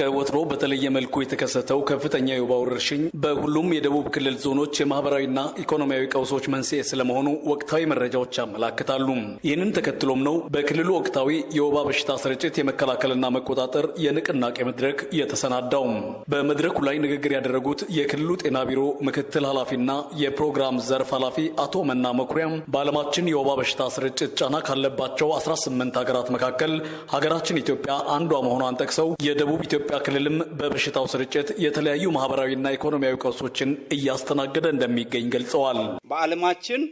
ከወትሮ በተለየ መልኩ የተከሰተው ከፍተኛ የወባ ወረርሽኝ በሁሉም የደቡብ ክልል ዞኖች የማህበራዊና ኢኮኖሚያዊ ቀውሶች መንስኤ ስለመሆኑ ወቅታዊ መረጃዎች ያመላክታሉ። ይህንን ተከትሎም ነው በክልሉ ወቅታዊ የወባ በሽታ ስርጭት የመከላከልና መቆጣጠር የንቅናቄ መድረክ የተሰናዳው። በመድረኩ ላይ ንግግር ያደረጉት የክልሉ ጤና ቢሮ ምክትል ኃላፊና የፕሮግራም ዘርፍ ኃላፊ አቶ መና መኩሪያም በዓለማችን የወባ በሽታ ስርጭት ጫና ካለባቸው 18 ሀገራት መካከል ሀገራችን ኢትዮጵያ አንዷ መሆኗን ጠቅሰው የደቡብ ኢትዮጵያ የኢትዮጵያ ክልልም በበሽታው ስርጭት የተለያዩ ማህበራዊና ኢኮኖሚያዊ ቀውሶችን እያስተናገደ እንደሚገኝ ገልጸዋል። በዓለማችን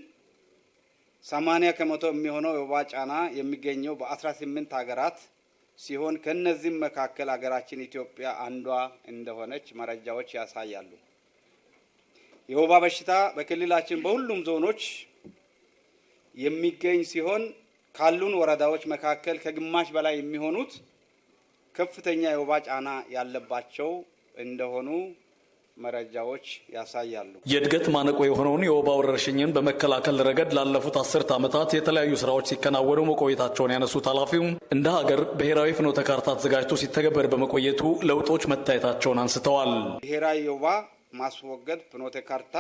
80 ከመቶ የሚሆነው የወባ ጫና የሚገኘው በ18 ሀገራት ሲሆን ከእነዚህም መካከል ሀገራችን ኢትዮጵያ አንዷ እንደሆነች መረጃዎች ያሳያሉ። የወባ በሽታ በክልላችን በሁሉም ዞኖች የሚገኝ ሲሆን ካሉን ወረዳዎች መካከል ከግማሽ በላይ የሚሆኑት ከፍተኛ የወባ ጫና ያለባቸው እንደሆኑ መረጃዎች ያሳያሉ። የእድገት ማነቆ የሆነውን የወባ ወረርሽኝን በመከላከል ረገድ ላለፉት አስርት ዓመታት የተለያዩ ስራዎች ሲከናወኑ መቆየታቸውን ያነሱት ኃላፊውም እንደ ሀገር ብሔራዊ ፍኖተ ካርታ ተዘጋጅቶ ሲተገበር በመቆየቱ ለውጦች መታየታቸውን አንስተዋል። ብሔራዊ የወባ ማስወገድ ፍኖተ ካርታ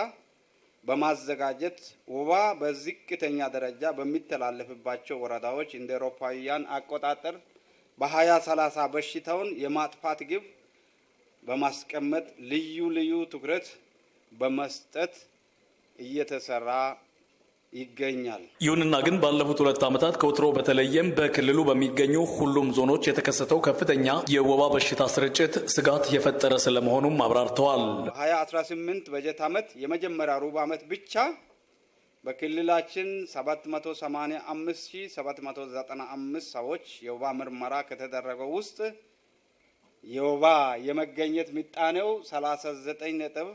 በማዘጋጀት ወባ በዝቅተኛ ደረጃ በሚተላለፍባቸው ወረዳዎች እንደ አውሮፓውያን አቆጣጠር በሀያ ሰላሳ በሽታውን የማጥፋት ግብ በማስቀመጥ ልዩ ልዩ ትኩረት በመስጠት እየተሰራ ይገኛል። ይሁንና ግን ባለፉት ሁለት ዓመታት ከወትሮ በተለይም በክልሉ በሚገኙ ሁሉም ዞኖች የተከሰተው ከፍተኛ የወባ በሽታ ስርጭት ስጋት የፈጠረ ስለመሆኑም አብራርተዋል። 2018 በጀት ዓመት የመጀመሪያ ሩብ ዓመት ብቻ በክልላችን 785795 ሰዎች የወባ ምርመራ ከተደረገው ውስጥ የወባ የመገኘት ምጣኔው 39 ነጥብ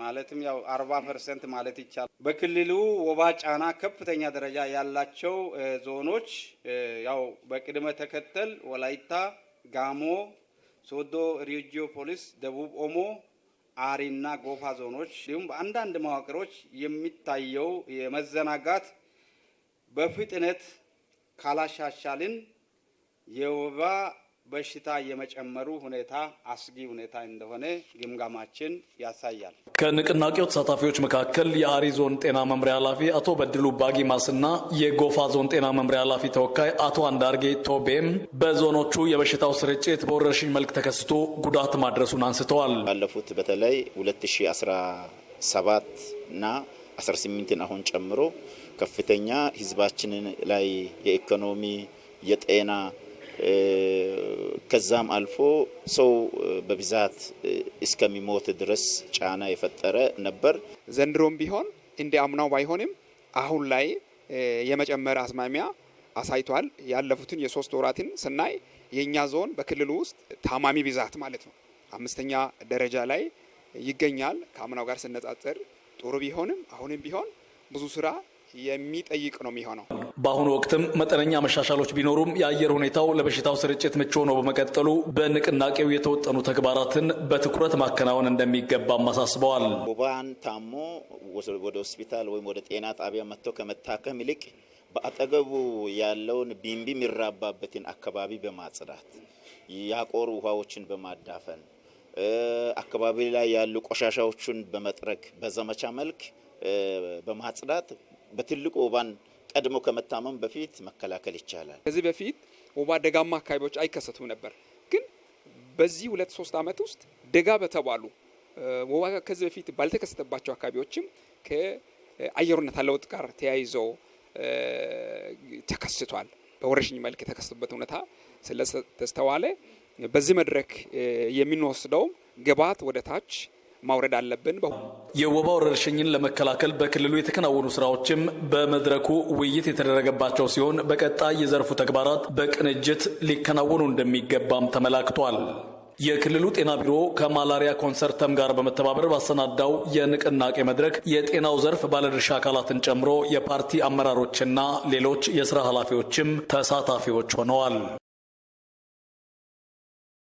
ማለትም ያው 40 ፐርሰንት ማለት ይቻላል። በክልሉ ወባ ጫና ከፍተኛ ደረጃ ያላቸው ዞኖች ያው በቅድመ ተከተል ወላይታ፣ ጋሞ፣ ሶዶ፣ ሪጂዮ ፖሊስ፣ ደቡብ ኦሞ አሪና ጎፋ ዞኖች እንዲሁም በአንዳንድ መዋቅሮች የሚታየው የመዘናጋት በፍጥነት ካላሻሻልን የወባ በሽታ የመጨመሩ ሁኔታ አስጊ ሁኔታ እንደሆነ ግምጋማችን ያሳያል። ከንቅናቄው ተሳታፊዎች መካከል የአሪ ዞን ጤና መምሪያ ኃላፊ አቶ በድሉ ባጊማስና የጎፋ ዞን ጤና መምሪያ ኃላፊ ተወካይ አቶ አንዳርጌ ቶቤም በዞኖቹ የበሽታው ስርጭት በወረርሽኝ መልክ ተከስቶ ጉዳት ማድረሱን አንስተዋል። ባለፉት በተለይ 2017 እና 18 አሁን ጨምሮ ከፍተኛ ህዝባችንን ላይ የኢኮኖሚ የጤና ከዛም አልፎ ሰው በብዛት እስከሚሞት ድረስ ጫና የፈጠረ ነበር። ዘንድሮም ቢሆን እንደ አምናው ባይሆንም አሁን ላይ የመጨመር አስማሚያ አሳይቷል። ያለፉትን የሶስት ወራትን ስናይ የእኛ ዞን በክልሉ ውስጥ ታማሚ ብዛት ማለት ነው አምስተኛ ደረጃ ላይ ይገኛል። ከአምናው ጋር ስነጻጸር ጥሩ ቢሆንም አሁንም ቢሆን ብዙ ስራ የሚጠይቅ ነው የሚሆነው። በአሁኑ ወቅትም መጠነኛ መሻሻሎች ቢኖሩም የአየር ሁኔታው ለበሽታው ስርጭት ምቹ ሆኖ በመቀጠሉ በንቅናቄው የተወጠኑ ተግባራትን በትኩረት ማከናወን እንደሚገባም አሳስበዋል። ወባን ታሞ ወደ ሆስፒታል ወይም ወደ ጤና ጣቢያ መጥተው ከመታከም ይልቅ በአጠገቡ ያለውን ቢንቢ የሚራባበትን አካባቢ በማጽዳት ያቆሩ ውሃዎችን በማዳፈን አካባቢ ላይ ያሉ ቆሻሻዎችን በመጥረግ በዘመቻ መልክ በማጽዳት በትልቁ ወባን ቀድሞ ከመታመም በፊት መከላከል ይቻላል። ከዚህ በፊት ወባ ደጋማ አካባቢዎች አይከሰቱም ነበር፣ ግን በዚህ ሁለት ሶስት ዓመት ውስጥ ደጋ በተባሉ ወባ ከዚህ በፊት ባልተከሰተባቸው አካባቢዎችም ከአየር ሁኔታ ለውጥ ጋር ተያይዞ ተከስቷል። በወረሽኝ መልክ የተከሰቱበት ሁኔታ ስለተስተዋለ በዚህ መድረክ የምንወስደው ግብዓት ወደ ታች ማውረድ አለብን። የወባ ወረርሽኝን ለመከላከል በክልሉ የተከናወኑ ስራዎችም በመድረኩ ውይይት የተደረገባቸው ሲሆን በቀጣይ የዘርፉ ተግባራት በቅንጅት ሊከናወኑ እንደሚገባም ተመላክቷል። የክልሉ ጤና ቢሮ ከማላሪያ ኮንሰርተም ጋር በመተባበር ባሰናዳው የንቅናቄ መድረክ የጤናው ዘርፍ ባለድርሻ አካላትን ጨምሮ የፓርቲ አመራሮችና ሌሎች የስራ ኃላፊዎችም ተሳታፊዎች ሆነዋል።